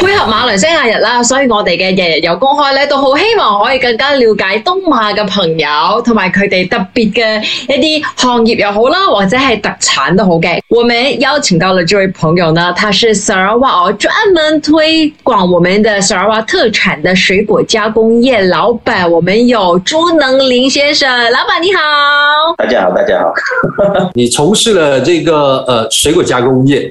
配合馬來西亞日啦，所以我哋嘅日日有公開呢，都好希望可以更加了解東馬嘅朋友同埋佢哋特別嘅一啲行業又好啦，或者係特產都好嘅。我們邀請到了這位朋友呢，他是砂拉越，哦，專門推廣我們的砂拉越特產的水果加工業。老闆，我們有朱能霖先生。老闆你好，大家好，大家好。 你從事了這個呃水果加工業。